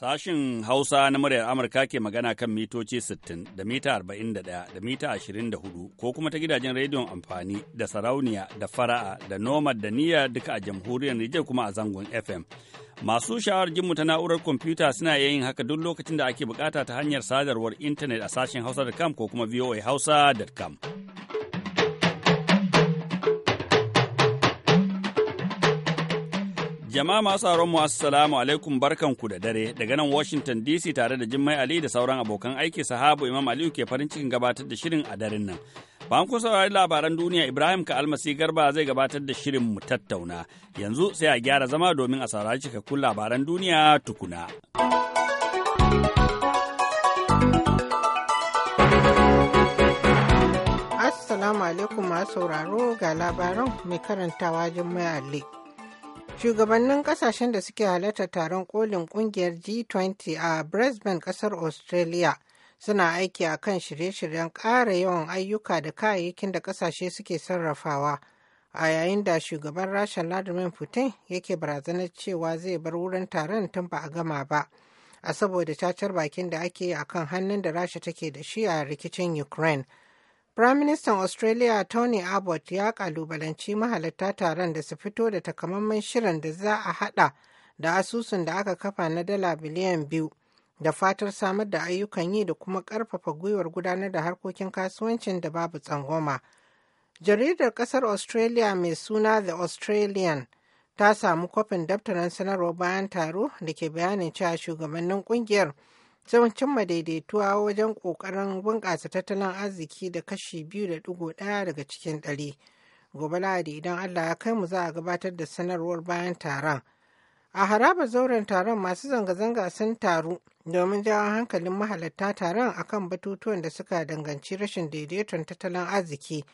Sashin Hausa na muryar Amurka ke magana kan mitoci 60 da mita 41 da mita 24 ko kuma ta gidajen rediyon amfani da sarauniya da fara'a da nomad da niyya duka a jamhuriyar Nijar kuma a zangon FM. Masu shawar jinmu ta na'urar kwamfuta suna yin haka duk lokacin da ake bukata ta hanyar sadarwar intanet a sashen hausa.com ko kuma Hausa.com. Jama'a masu sauran mu assalamu alaikum barkanku da dare daga nan Washington DC tare da Jimmai Ali da sauran abokan aiki sahabu Imam Aliyu ke farin cikin gabatar da shirin a daren nan. Bankun saurari labaran duniya Ibrahim ka almasi garba zai gabatar da shirin mu tattauna. Yanzu sai a gyara zama domin a saurari cikakkun labaran duniya tukuna. Assalamu alaikum masu sauraro ga labaran mai karantawa Jimmai Ali. Shugabannin kasashen da suke halartar taron kolin kungiyar G20 a Brisbane kasar Australia suna aiki a kan shirye-shiryen ƙara yawan ayyuka da kayayyakin da kasashe suke sarrafawa a yayin da shugaban Rasha Vladimir Putin yake barazanar cewa zai bar wurin taron tun ba a gama ba. A saboda cacar bakin da ake yi a kan hannun da Rasha take da shi a rikicin Ukraine. Firaministan Australia Tony Abbott ya kalubalanci mahalarta taron da su fito da takamaiman shirin da za a hada da asusun da aka kafa na dala biliyan biyu da fatar samar da ayyukan yi da kuma karfafa gwiwar gudanar da harkokin kasuwancin da babu tsangwama. Jaridar kasar Australia mai suna The Australian ta samu kwafin daftarin sanarwar bayan taro da ke bayanin cewa shugabannin kungiyar sun cimma daidaituwa wajen kokarin bunƙasa tattalin arziki da kashi biyu da dugo ɗaya daga cikin ɗari. Gobe Lahadi idan Allah ya kai mu za a gabatar da sanarwar bayan taron. A haraba zauren taron masu zanga-zanga sun taru domin jawo hankalin mahalarta taron akan batutuwan da suka danganci rashin daidaiton tattalin arziki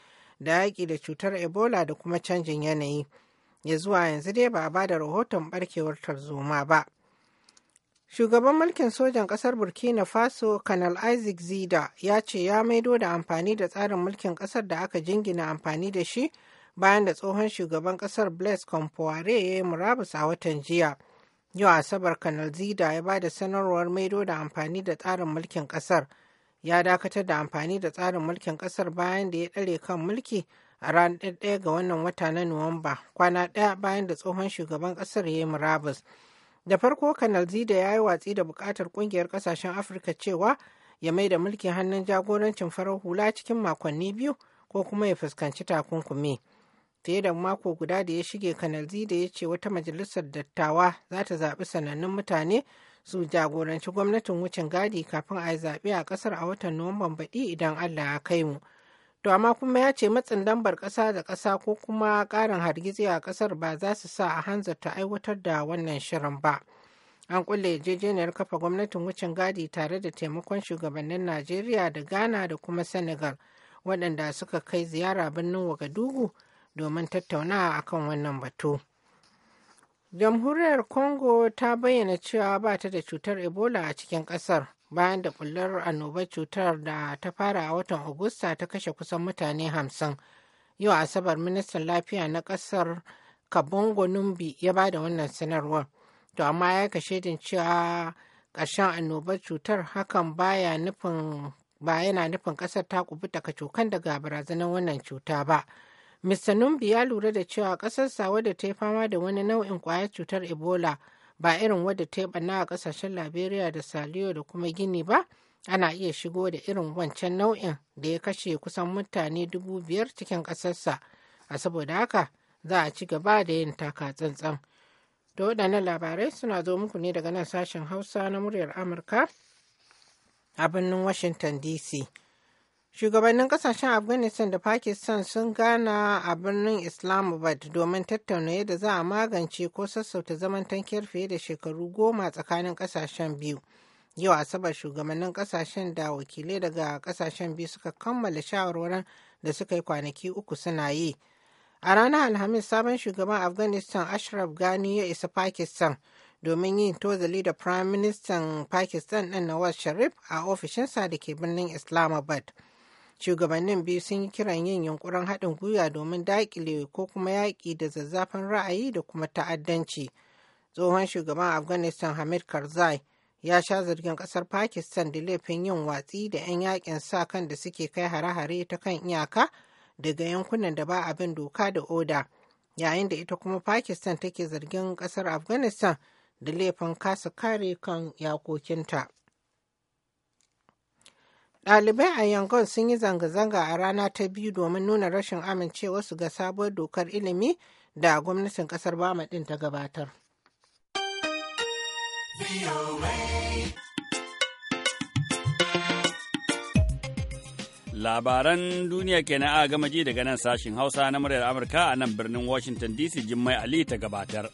da yaƙi da cutar Ebola da kuma canjin yanayi. Ya zuwa yanzu dai ba a ba da rahoton barkewar tarzoma ba. Shugaban mulkin sojan ƙasar Burkina Faso, Kanal Isaac Zida, ya ce ya maido da amfani da tsarin mulkin ƙasar da aka jingina amfani da shi bayan da tsohon shugaban ƙasar Blaise Compaoré ya yi murabus a watan jiya. Yau Asabar Kanal Zida ya ba da sanarwar maido da amfani da tsarin mulkin ƙasar. Ya dakatar da amfani da tsarin mulkin ƙasar bayan da ya ɗare kan mulki a ranar ɗaya ga wannan wata na Nuwamba, kwana ɗaya bayan da tsohon shugaban ƙasar ya yi murabus. Da farko Kanal Zida ya yi watsi da bukatar kungiyar kasashen Afirka cewa ya mai da mulkin hannun jagorancin farar hula cikin makonni biyu ko kuma ya fuskanci takunkumi. Fiye da mako guda da ya shige Kanal Zida ya ce wata majalisar dattawa za ta zaɓi sanannun mutane su jagoranci gwamnatin wucin gadi kafin a yi zaɓe a ƙasar a watan Nuwamban baɗi idan Allah ya kai mu. to amma kuma ya ce matsin dambar ƙasa da ƙasa ko kuma ƙarin hargitsi a ƙasar ba za su sa a hanzarta aiwatar da wannan shirin ba an kulle yarjejeniyar kafa gwamnatin wucin gadi tare da taimakon shugabannin najeriya da ghana da kuma senegal waɗanda suka kai ziyara birnin wagadugu domin tattaunawa akan wannan batu. jamhuriyar congo ta bayyana cewa ba ta da cutar ebola a cikin kasar bayan da bullar annobar cutar da ta fara a watan agusta ta kashe kusan mutane hamsin yau asabar ministan lafiya na kasar kabongo numbi ya ba da wannan sanarwar to amma ya kashe din cewa ƙarshen annobar cutar hakan baya nufin ba yana nufin kasar ta kubuta kacokan daga barazanar wannan cuta ba. Mr. Numbi ya lura da cewa ƙasarsa wadda ta yi fama da wani nau'in ƙwayar cutar Ebola ba irin wadda ta yi ɓanna a ƙasashen Liberia da Saliyo da kuma Gini ba, ana iya shigo da irin wancan nau'in da ya kashe kusan mutane dubu biyar cikin ƙasarsa. A saboda haka za a ci gaba da yin taka tsantsan. Da waɗannan labarai suna zo muku ne daga nan sashen Hausa na muryar Amurka a birnin Washington DC. Shugabannin kasashen Afghanistan da Pakistan sun gana a birnin Islamabad domin tattauna yadda za a magance ko sassauta zaman tankiyar fiye da shekaru goma tsakanin kasashen biyu. Yau Asabar shugabannin kasashen da wakilai daga kasashen biyu suka kammala shawarwaran da suka yi kwanaki uku suna yi. A ranar Alhamis sabon shugaban Afghanistan Ashraf Ghani ya isa Pakistan domin yin tozali da Prime Ministan Pakistan ɗin Nawaz Sharif a ofishinsa da ke birnin Islamabad. shugabannin biyu sun yi kiran yin yunkurin haɗin gwiwa domin daƙile ko kuma yaƙi da zazzafin ra'ayi da kuma ta'addanci tsohon shugaban afghanistan hamid karzai ya sha zargin ƙasar pakistan da laifin yin watsi da 'yan yaƙin sa kan da suke kai hare-hare ta kan iyaka daga yankunan da ba abin doka da oda yayin da ita kuma pakistan take zargin ƙasar afghanistan da laifin kasa kare kan yakokinta. Ɗalibai a Yangon sun yi zanga-zanga a rana ta biyu domin nuna rashin amincewarsu ga sabuwar dokar ilimi da gwamnatin ƙasar Bama ɗin ta gabatar. Labaran duniya kenan a gama ji daga nan sashin Hausa na muryar Amurka a nan birnin Washington DC Jummai Ali ta gabatar.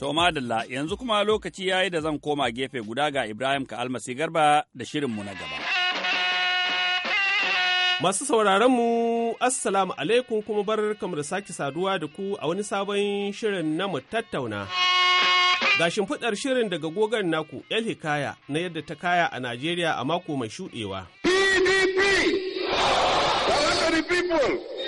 To madalla yanzu kuma lokaci yayi da zan koma gefe guda ga Ibrahim ka almasi garba da shirin mu na gaba. Masu sauraron mu Assalamu alaikum kuma bar kamar da sake saduwa da ku a wani sabon shirin na mu tattauna. Ga shimfiɗar shirin daga gogon naku El Hikaya na yadda ta kaya a Najeriya a mako mai shuɗewa. PDP!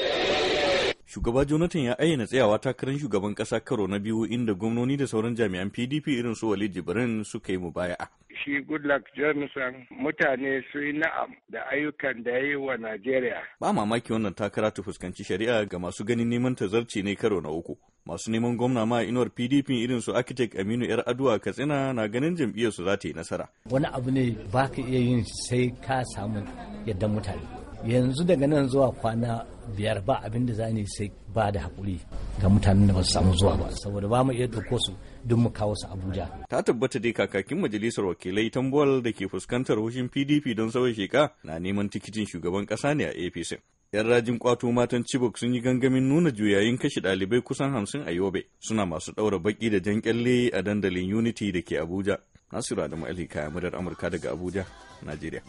Shugaba Jonathan ya ayyana tsayawa takarar shugaban kasa karo na biyu inda gwamnoni da sauran jami'an PDP irin su wali Jibrin suka yi mu baya'a. Shi Goodluck Jonathan mutane su yi na'am da ayyukan da ya yi wa Najeriya. Ba mamaki wannan takara ta fuskanci shari'a ga masu ganin neman tazarci ne karo na uku. Masu neman gwamna ma inuwar PDP irin su Architect Aminu Yar Aduwa Katsina na ganin jam'iyyar su za ta yi nasara. Wani abu ne ba ka iya yin sai ka samu yadda mutane. yanzu daga nan zuwa kwana biyar ba abin da za ni sai ba da haƙuri ga mutanen da ba su samu zuwa ba saboda ba mu iya ɗauko su don mu kawo su Abuja. Ta tabbata dai kakakin majalisar wakilai tambuwal da ke fuskantar hushin PDP don sauya sheka na neman tikitin shugaban ƙasa ne a APC. 'yan rajin kwato matan Chibok sun yi gangamin nuna juyayin kashe ɗalibai kusan hamsin a Yobe suna masu ɗaura baki da jan kyalle a dandalin Unity da ke Abuja. Nasiru Adamu Ali kaya murar Amurka daga Abuja, Najeriya.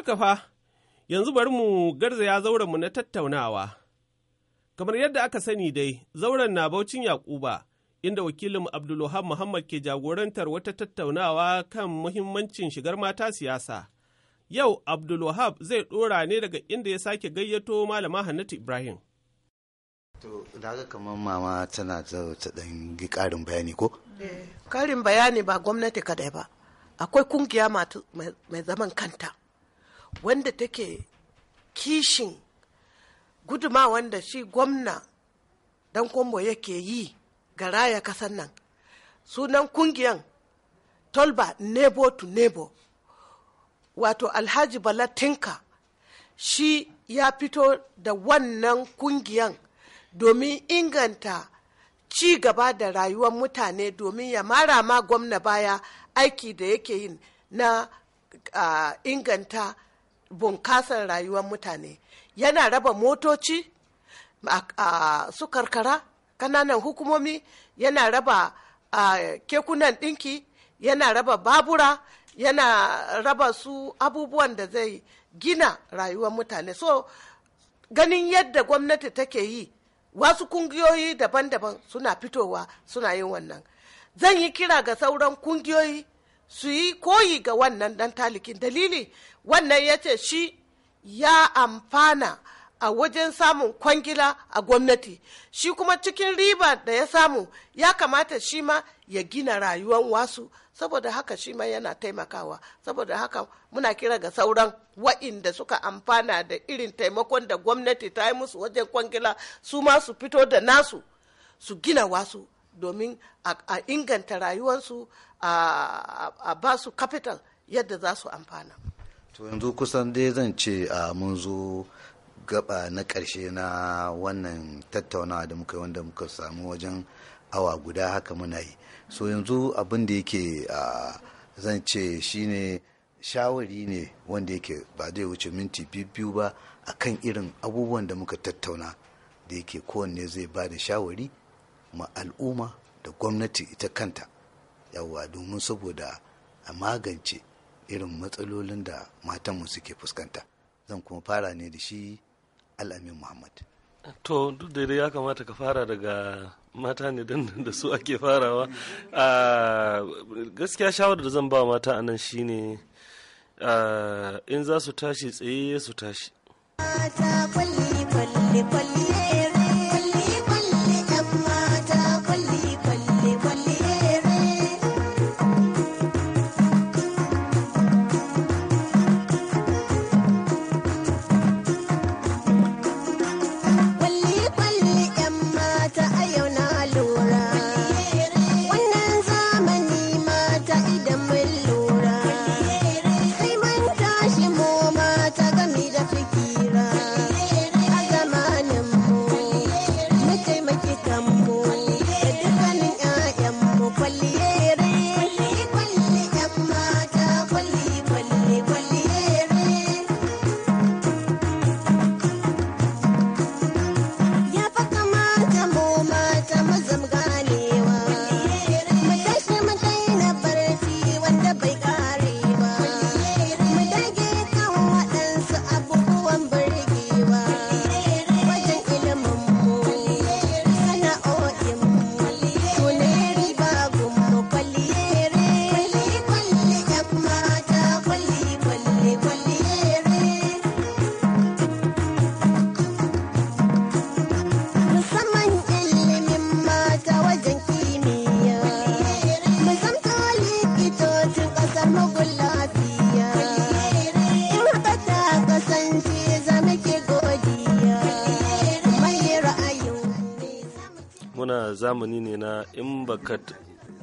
Haka fa, yanzu bari mu garza ya garzaya mu na tattaunawa. Kamar yadda aka sani dai, zauren na Baucin Yakuba, inda wakilin Abdulluhan Muhammad ke jagorantar wata tattaunawa kan muhimmancin shigar mata siyasa. Yau Abdulwahab zai ɗora ne daga inda ya sake gayyato Malama Hannatu Ibrahim. To, daga kamar mama tana ta ɗan ƙarin bayani ko? Eh, ƙarin bayani ba gwamnati kadai ba, akwai kungiya mai zaman kanta. wanda take kishin guduma wanda shi gwamna dan kwambo yake yi ga raya kasan nan sunan kungiyan tolba nebo to nebo wato alhaji bala tinka shi ya fito da wannan kungiyan domin inganta ci gaba da rayuwar mutane domin ya mara ma gwamna baya aiki da yake yin na uh, inganta bunkasar rayuwar mutane yana raba motoci a su karkara kananan hukumomi yana raba kekunan ɗinki yana raba babura yana raba su abubuwan da zai gina rayuwar mutane so ganin yadda gwamnati take yi wasu kungiyoyi daban-daban suna fitowa suna yin wannan zan yi kira ga sauran kungiyoyi su yi koyi ga wannan dan talikin dalili wannan ya ce shi ya amfana a wajen samun kwangila a gwamnati shi kuma cikin riba da ya samu ya kamata shi ma ya gina rayuwan wasu saboda haka shi ma yana taimakawa saboda haka muna kira ga sauran wa'inda suka amfana da irin taimakon da gwamnati ta yi musu wajen kwangila su ma su fito da nasu su gina wasu domin a inganta rayuwarsu a ba su capital yadda za su amfana to yanzu kusan dai zan ce a mun zo gaba na ƙarshe na wannan tattaunawa da muka yi wanda muka samu wajen awa guda haka muna yi so yanzu abin da yake zan ce shine shawari ne wanda yake ba zai wuce minti biyu ba akan irin abubuwan da muka tattauna da yake kowanne zai ba da shawari ma al'umma da gwamnati ita kanta yawwa domin saboda a magance irin matsalolin da matanmu suke fuskanta zan kuma fara ne da shi al'amin muhammad to duk da ya kamata ka fara daga mata ne don da su ake farawa a gaskiya shawarar da zan ba mata a nan shine in za su tashi tsaye su tashi mata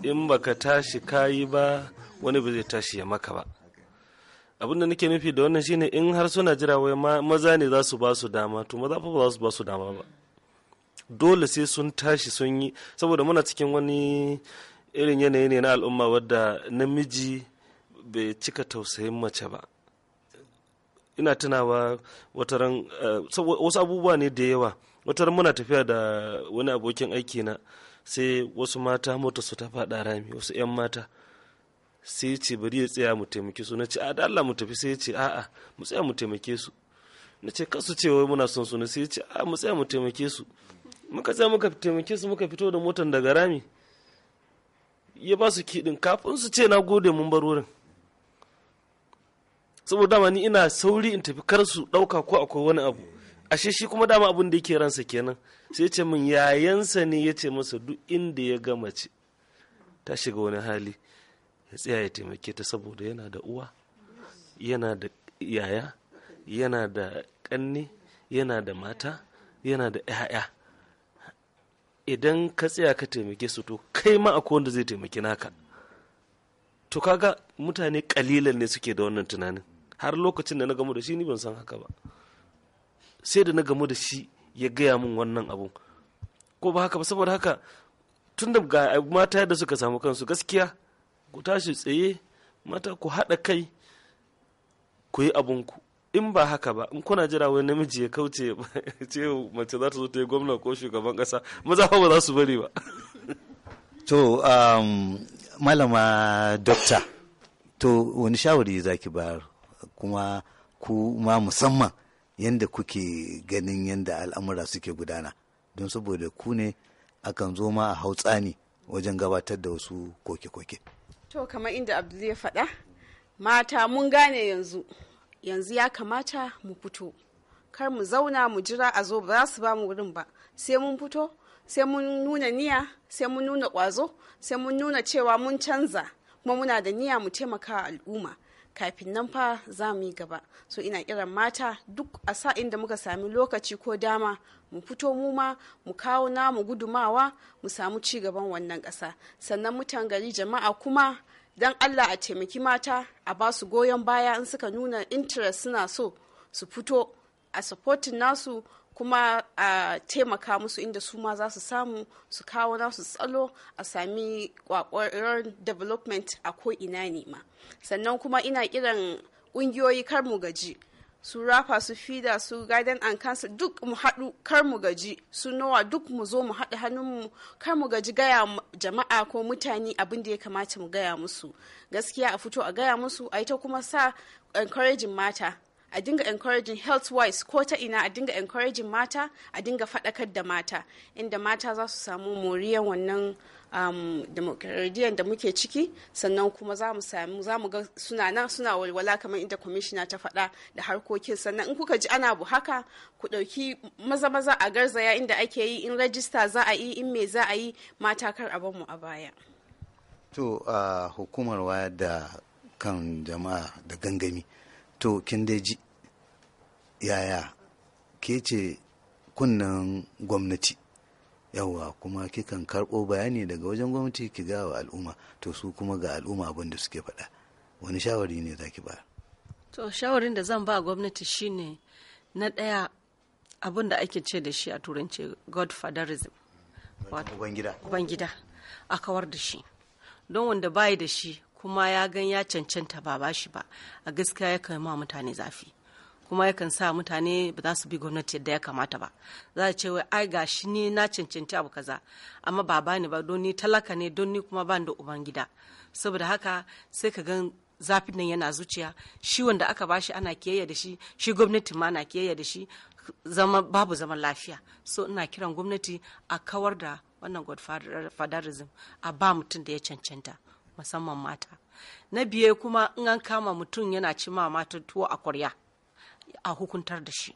in ba ka tashi kayi ba wani ba zai tashi ya maka ba abinda nake nufi da wannan shine in har suna jira wai maza ne za su ba su dama to maza fa ba su ba su dama ba dole sai sun tashi sun yi saboda muna cikin wani irin yanayi ne na al'umma wadda namiji bai cika tausayin mace ba ina tunawa eh, wasu abubuwa ne da yawa wataran muna tafiya da wani abokin aiki na sai wasu mata mota su ta faɗa rami wasu 'yan mata sai ce bari ya tsaya mu taimake su na ce a da Allah mu tafi sai ce a'a mu tsaya mu taimake su na ce kasu ce wai muna son su na sai ce a mu tsaya mu taimake su muka tsaya muka taimake su muka fito da motan daga rami ya ba su kiɗin kafin su ce na gode mun bar wurin saboda dama ni ina sauri in tafi kar su ɗauka ko akwai wani abu ashe shi kuma dama abin da yake ransa kenan sai ce min yayansa ne ya ce masa duk inda ya ga mace ta shiga wani hali ya tsaya ya taimake ta saboda yana da uwa yana da yaya yana da ƙanne yana da mata yana da 'ya'ya idan ka tsaya ka taimake su to kai ma akwai wanda zai taimaki naka to kaga mutane kalilan ne suke da wannan tunanin har lokacin da na gamu da shi ni ban san haka ba sai da na gamu da shi ya gaya min wannan abun ko ba haka ba saboda haka tun da ga mata da suka samu kansu gaskiya ku tashi tsaye mata ku haɗa kai ku yi abunku in ba haka ba in kuna jira wani namiji ya kauce ce mace za ta zo ta yi gwamna ko shugaban ƙasa maza ba za su bari ba to um, malama dokta to wani shawari za ki bayar kuma ku ma musamman yadda kuke ganin yadda al'amura suke gudana don saboda ku ne akan zo ma a hautsani wajen gabatar da wasu koke-koke. To kamar inda Abdul ya faɗa, mata mun gane yanzu, yanzu ya kamata mu fito. Kar mu zauna mu jira a zo ba za su ba mu wurin ba, sai mun fito, sai mun nuna niya, sai mun nuna ƙwazo, sai mun nuna cewa mun canza, kuma muna da niya mu taimaka al'umma. kafin nan fa za mu yi gaba so ina kiran mata duk a sa inda muka sami lokaci ko dama mu fito mu ma mu kawo namu gudumawa mu samu ci gaban wannan ƙasa sannan mutan gari jama'a kuma don allah a taimaki mata a ba su goyon baya in suka nuna interest suna so su fito a supportin nasu kuma a taimaka musu inda su ma za su samu su kawo nasu tsalo a sami kwakwaron development a ko'ina ne ma sannan kuma ina kiran ƙungiyoyi kar mu gaji su rafa su fida su guidance and cancer duk mu haɗu kar mu gaji su nowa duk mu zo mu hannun hannunmu kar mu gaji gaya jama'a ko mutane abin da ya kamata mu gaya musu gaskiya a fito a gaya musu a ita kuma sa encouraging mata a dinga encouraging health wise ko ta ina a dinga encouraging mata a dinga faɗakar da mata inda mata za su samu moriyar wannan um, da muke ciki sannan kuma za mu samu za mu ga suna nan suna walwala kamar inda kwamishina ta faɗa da harkokin sannan in kuka ji ana bu haka ku ɗauki maza maza a garzaya inda ake yi in rajista za a yi in me za a yi mata kar a mu a baya to uh, hukumar wayar da kan jama'a da gangami to kin dai ji yaya ke ce kunnan gwamnati yawa kuma kikan karɓo bayani daga wajen gwamnati ki ga wa al'umma to su kuma ga al'umma abin da suke faɗa wani shawari ne zaki ba to shawarin da zan ba gwamnati shine na ɗaya abin da ake ce da shi a turanci godfatherism ubangida a kawar da shi don wanda bayi da shi kuma ya gan ya cancanta ba ba shi ba a gaskiya ya kan ma mutane zafi kuma yakan sa mutane ba za su bi gwamnati yadda ya kamata ba za a ce wai ai ga shi ni na cancanci abu kaza amma ba ba ni ba don ni talaka ne don ni kuma ba ni da uban gida saboda haka sai ka gan zafin nan yana zuciya shi wanda aka bashi ana kiyayya da shi shi gwamnati ma na kiyayya da shi zama babu zaman lafiya so ina kiran gwamnati a kawar da wannan godfatherism a ba mutum da ya cancanta musamman mata na biye kuma in an kama mutum yana ci ma mata tuwo a kwarya a hukuntar da shi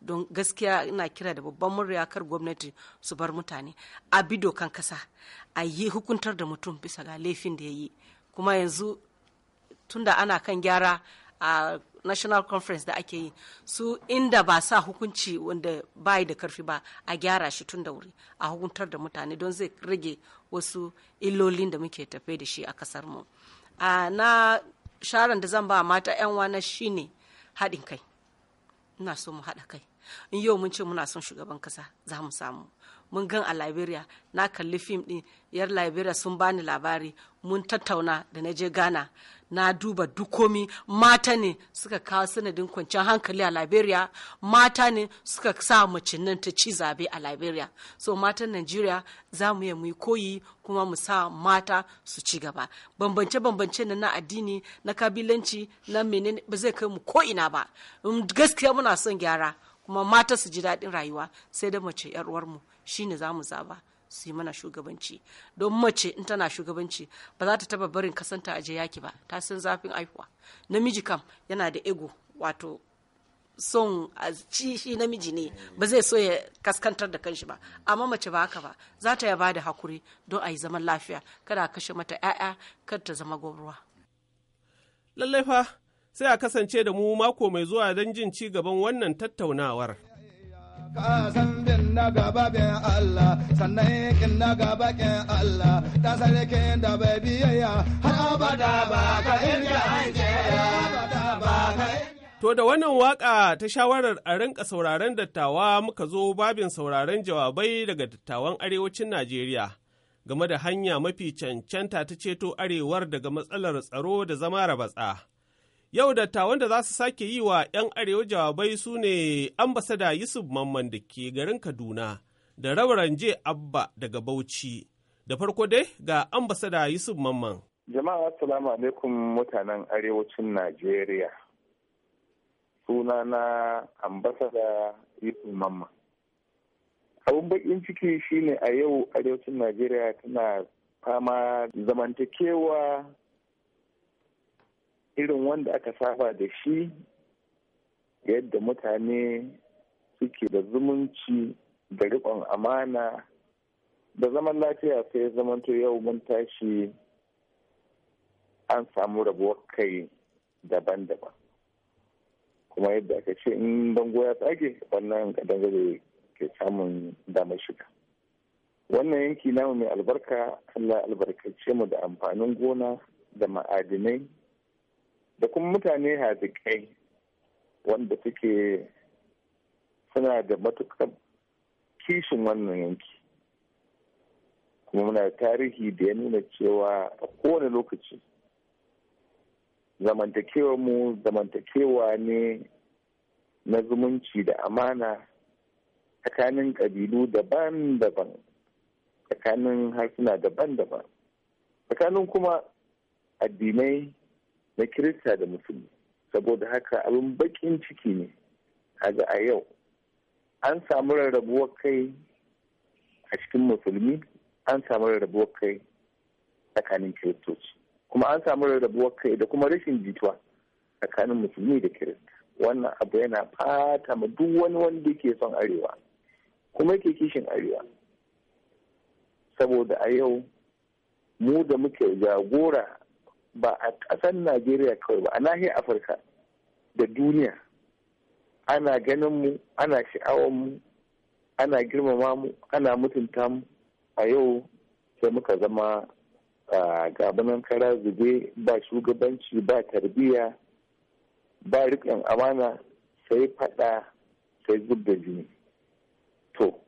don gaskiya ina kira da babban murya kar gwamnati su bar mutane a bi dokan kasa a yi hukuntar da mutum bisa ga laifin da ya yi kuma yanzu tunda ana kan gyara a national conference da ake yi su inda ba sa hukunci wanda bai da karfi ba a gyara shi tun da wuri a hukuntar da mutane don zai rage wasu illolin da muke tafe da shi a kasar mu a na sharan da zan ba mata yan wana shine haɗin kai ina so mu haɗa kai in yau mun ce muna son shugaban kasa za mu samu mun gan a liberia na kalli fim din yar liberia sun bani labari mun tattauna da na je ghana na duba dukomi mata ne suka kawo sanadin kwanciyar hankali a liberia mata ne suka sa mace nan ta ci zabe a liberia so matan nigeria za mu yi muyi koyi kuma mu sa mata su ci gaba bambance bambance na addini na kabilanci na menene ba zai kai mu ko ina ba um, gaskiya muna son gyara kuma mata su ji daɗin rayuwa sai da mace 'yar uwarmu shine za mu zaba su yi mana shugabanci don mace in tana shugabanci ba za ta taba barin kasanta aje yaki ba ta san zafin aihuwa namiji kam yana da ego wato son a ci shi namiji ne ba zai so ya kaskantar da kanshi ba amma mace ba haka ba za ta yaba da hakuri don a yi zaman lafiya kada kashe mata 'ya'ya kada ta zama gwamruwa lallai fa sai a kasance da mu mako mai zuwa don jin ci gaban wannan tattaunawar Kasan bin na gaba bin Allah sannan kin na gaba kin Allah ta sarkin da bai biyayya har abada ba ka irya an ba ka To da wannan waka ta shawarar a rinka sauraron dattawa muka zo babin sauraron jawabai daga dattawan arewacin Najeriya game da hanya mafi cancanta ta ceto arewar daga matsalar tsaro da zama rabatsa. Yau dattawan da za su sake yi wa 'yan arewa jawabai su ne ambasada Yusuf Mamman da ke garin Kaduna da rawaran je Abba daga Bauchi. Da farko dai ga ambasada Yusuf Mamman. Jama'a assalamu alaikum mutanen arewacin Najeriya. suna na ambasada Yusuf Mamman. Abin bakin ciki shine a yau arewacin Najeriya tana fama zamantakewa irin wanda aka saba da shi yadda mutane suke da zumunci da riƙon amana da zaman lafiya sai zamanto yau mun tashi an samu rabuwar kai daban-daban kuma yadda aka ce in bango ya tsage wannan kadangare ke samun damar shiga wannan yanki namu mai albarka allah albarkace mu da amfanin gona da ma'adinai da kuma mutane haziƙai wanda suke suna da matuƙar kishin wannan yanki kuma muna da tarihi da ya nuna cewa a kowane lokaci zamantakewa mu zamantakewa ne na zumunci da amana tsakanin ƙabilu daban-daban tsakanin harsuna daban-daban tsakanin kuma addinai na kirista da musulmi saboda haka abin bakin ciki ne kaga a yau an samu rarrabuwar kai a cikin musulmi an samu rarrabuwar kai tsakanin kiristoci kuma an samu rarrabuwar kai da kuma rashin jituwa tsakanin musulmi da kirista wannan abu yana fata ma duk wani wanda ke son arewa kuma yake kishin arewa saboda a yau mu da muke jagora ba a ƙasar najeriya kawai ba a nahiyar afirka da duniya ana ganin mu ana sha'awar mu ana girmama mu ana mutunta mu a yau sai muka zama gabanin kara zube ba shugabanci ba tarbiyya ba riƙon amana sai faɗa sai zub da jini to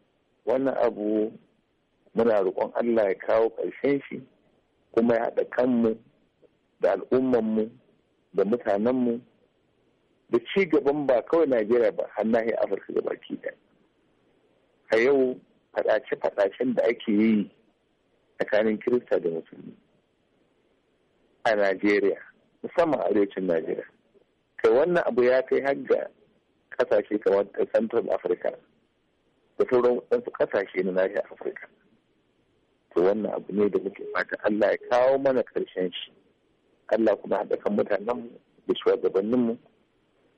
wannan abu muna roƙon allah ya kawo ƙarshen shi kuma ya haɗa kanmu da al'ummanmu da mutanenmu da ci gaban ba kawai najeriya ba har nahiyar afirka gabaki da. a yau faɗace-faɗacen da ake yi tsakanin kirista da musulmi a najeriya musamman arewacin najeriya kai wannan abu ya kai har ga ƙasashe kamar central africa da sauran wasu ƙasashe na nahiyar afirka to wannan abu ne da muke fata allah ya kawo mana ƙarshen shi Allah kuma haɗa kan mutanenmu da shugabanninmu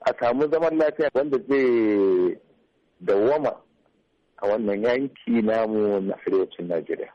a samu zaman lafiya wanda zai dawwama a wannan yanki namu na arewacin Najeriya.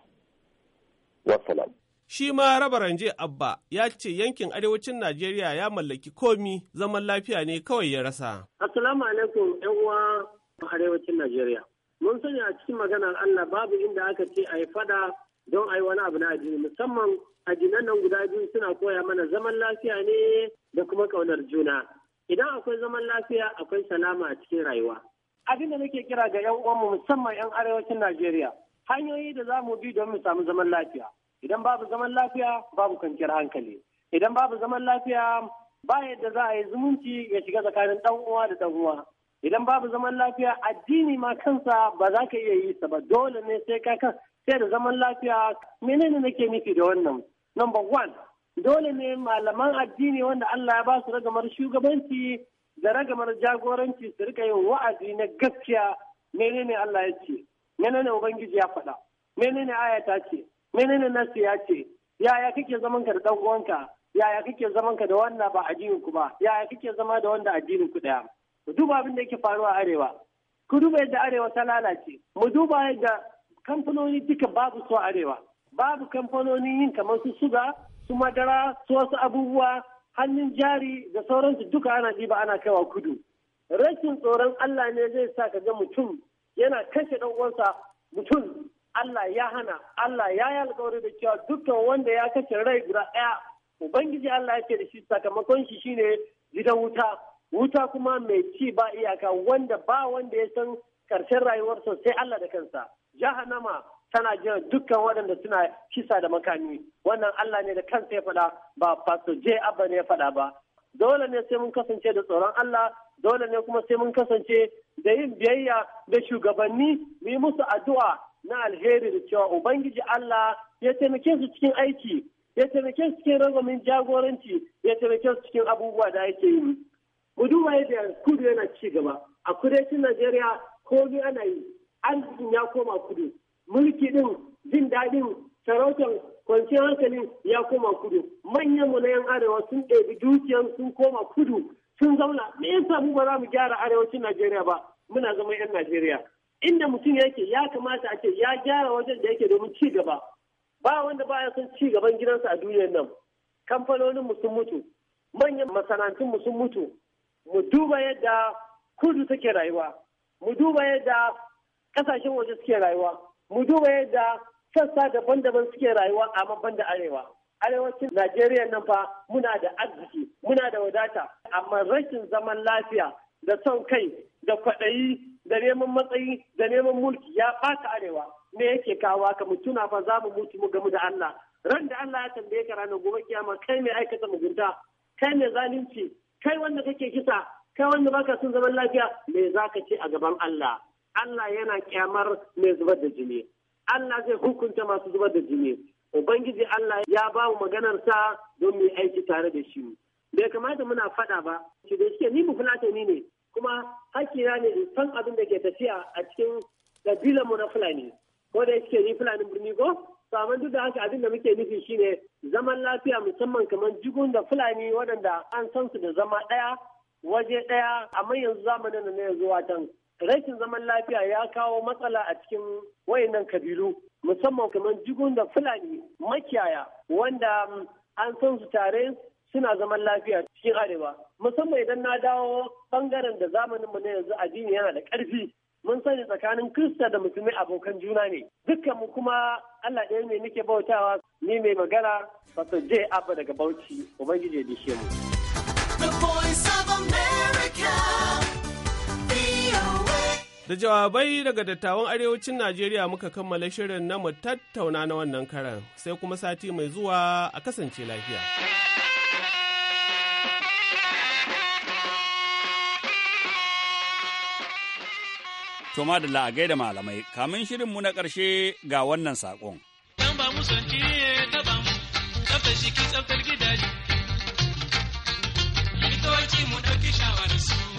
Wasalam. Shi ma raba ranje, Abba ya ce yankin arewacin Najeriya ya mallaki komi zaman lafiya ne kawai ya rasa. Assalamu alaikum uwa arewacin Najeriya. Mun sanya a cikin maganar Allah babu inda aka ce a yi fada don a yi wani abu na addini musamman addinan nan guda biyu suna koya mana zaman lafiya ne da kuma ƙaunar juna idan akwai zaman lafiya akwai salama a cikin rayuwa abin da nake kira ga yan uwanmu musamman yan arewacin najeriya hanyoyi da za mu bi don mu samu zaman lafiya idan babu zaman lafiya babu kwanciyar hankali idan babu zaman lafiya ba yadda za a yi zumunci ya shiga tsakanin dan uwa da dan uwa idan babu zaman lafiya addini ma kansa ba za ka iya yi sa ba dole ne sai ka sai da zaman lafiya menene nake nufi da wannan number one dole ne malaman addini wanda Allah ya ba su ragamar shugabanci da ragamar jagoranci su rika yin wa'azi na gaskiya menene Allah ya ce menene ubangiji ya faɗa menene ayata ce menene nasu ya ce yaya kake zaman ka da dan uwanka yaya kake zaman ka da wannan ba addinin ku ba yaya kake zama da wanda addinin ku daya mu duba abin da yake faruwa arewa ku duba yadda arewa ta lalace mu duba yadda kamfanoni duka babu su arewa babu kamfanoni yin kamar su suga su madara su wasu abubuwa hannun jari da sauransu duka ana ɗiba ana kaiwa kudu rashin tsoron Allah ne zai sa ka ga mutum yana kashe ɗan uwansa mutum Allah ya hana Allah ya yi alkawari da cewa dukkan wanda ya kashe rai guda ɗaya ubangiji Allah yake da shi sakamakon shi shine gidan wuta wuta kuma mai ci ba iyaka wanda ba wanda ya san karshen rayuwarsa sai Allah da kansa jahannama tana jin dukkan waɗanda suna kisa da makami wannan Allah ne da kansa ya faɗa ba pastor J Abba ne ya faɗa ba dole ne sai mun kasance da tsoron Allah dole ne kuma sai mun kasance da yin biyayya da shugabanni mu yi musu addu'a na alheri da cewa ubangiji Allah ya taimake su cikin aiki ya taimake su cikin rangwamin jagoranci ya taimake su cikin abubuwa da ake yi mu duba yadda kudu yana ci gaba a kudancin Najeriya ko ana yi arzikin ya koma kudu mulki din jin daɗin sarautar kwanciyar hankalin ya koma kudu manyan mu na yan arewa sun ɗebi dukiyar sun koma kudu sun zauna me yasa mu ba za mu gyara arewacin Najeriya ba muna zama yan Najeriya inda mutum yake ya kamata a ce ya gyara wajen da yake domin ci gaba ba wanda ba ya son ci gaban gidansa a duniyar nan kamfanonin mu sun mutu manyan masana'antun mu sun mutu mu duba yadda kudu take rayuwa mu duba yadda kasashen waje suke rayuwa mu duba yadda sassa daban-daban suke rayuwa a mabban da arewa arewacin najeriya nan fa muna da arziki muna da wadata amma rashin zaman lafiya da son kai da kwaɗayi da neman matsayi da neman mulki ya ɓata arewa me yake kawo ka mu tuna fa za mu mutu mu gamu da Allah ran da Allah ya tambaye ka ranar gobe kiyama kai mai aikata mugunta kai mai zalunci kai wanda kake kisa kai wanda baka son zaman lafiya me za ka ce a gaban Allah Allah yana kyamar mai zubar da jini Allah zai hukunta masu zubar da jini ubangiji Allah ya ba mu maganar sa don mu aiki tare da shi bai kamata muna faɗa ba shi da shi ni fulatani ne kuma hakina ne in san abin da ke tafiya a cikin kabilar mu na fulani ko da shi ni fulani birni ko to duk da haka abin da muke nufi shine zaman lafiya musamman kamar jigun da fulani waɗanda an san su da zama ɗaya waje ɗaya amma yanzu zamanin da na yanzu watan rashin zaman lafiya ya kawo matsala a cikin wayannan kabilu musamman kamar jigun da fulani makiyaya wanda um, an san su tare suna zaman lafiya cikin arewa musamman idan na dawo bangaren da zamanin mu na yanzu addini yana da karfi mun sani tsakanin krista da musulmi abokan juna ne dukkan mu kuma allah ɗaya ne nake bautawa ni mai magana fasa je abba daga bauchi ubangiji ya dishe mu The voice of America. Da jawabai daga dattawan arewacin Najeriya muka kammala shirin na mu tattauna na wannan karan sai kuma sati mai zuwa a kasance lafiya. Toma da la'agai da malamai, kamin mu na ƙarshe ga wannan saƙon. ba tsaftar tsaftar gidaje, mu ɗauki shawararsu.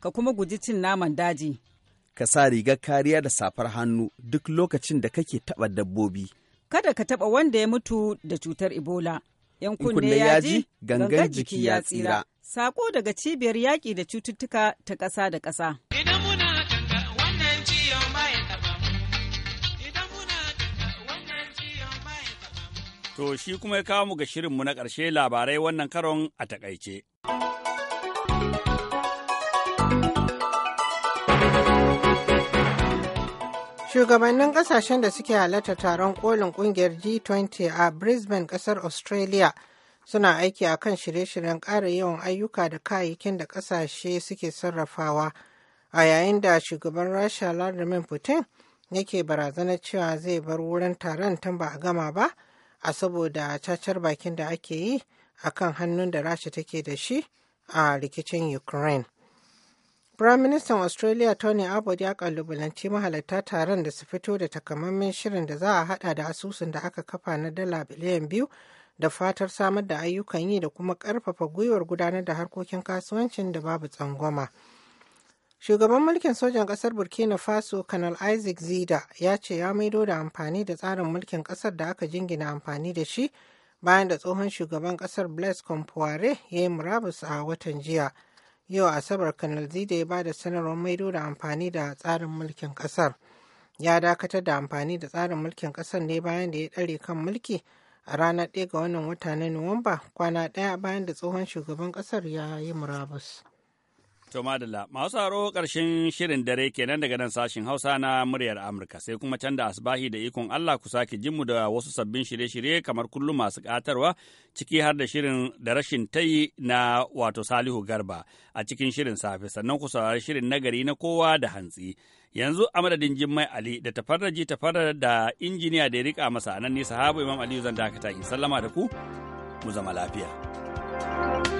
ka kuma guji cin naman daji. Ka sa rigar kariya da safar hannu duk lokacin da kake taɓa dabbobi. Kada ka taɓa wanda ya mutu da cutar Ebola. ‘Yan kunne ya ji, gangan jiki ya tsira. Sako daga cibiyar yaƙi da cututtuka ta ƙasa da ƙasa. To shi kuma ya kawo mu ga shirinmu na ƙarshe labarai wannan karon a takaice. Shugabannin kasashen da suke halarta taron kolin kungiyar G20 a Brisbane kasar Australia suna aiki a kan shirye-shiryen ƙara yawan ayyuka da kayayyakin da kasashe suke sarrafawa a yayin da shugaban Rasha Vladimir Putin yake barazanar cewa zai bar wurin taron tun ba a gama ba a saboda cacar bakin da ake yi a kan hannun da Rasha take da shi a rikicin Ukraine. Firaministan Australia Tony Abbott ya kalubalanci mahalarta taron da su fito da takamaiman shirin da za a hada da asusun da aka kafa na dala biliyan biyu da fatar samar da ayyukan yi da kuma karfafa gwiwar gudanar da harkokin kasuwancin da babu tsangwama. Shugaban mulkin sojan ƙasar Burkina Faso, Kanal Isaac Zida, ya ce ya maido da amfani da tsarin mulkin ƙasar da aka jingina amfani da shi bayan da tsohon shugaban ƙasar Blaise Compaoré ya yi murabus a watan jiya. yau asabar kanal da ya bada sanarwar maido da amfani da tsarin mulkin kasar ya dakatar da amfani da tsarin mulkin kasar ne bayan da ya ɗare kan mulki a ranar ɗaya ga wannan wata na nuwamba kwana ɗaya bayan da tsohon shugaban ƙasar ya yi murabus To madalla, masu haro ƙarshen shirin dare kenan daga nan sashin Hausa na muryar Amurka sai kuma can da asbahi da ikon Allah ku sake jin mu da wasu sabbin shirye-shirye kamar kullum masu ƙatarwa ciki har da shirin da rashin tayi na wato Salihu Garba a cikin shirin safe sannan ku saurari shirin nagari na kowa da hantsi. Yanzu a madadin Jimmai Ali da tafarraji tafarra da injiniya da ya rika masa nan ne sahaba Imam Aliyu zan dakata in sallama da ku mu zama lafiya. thank you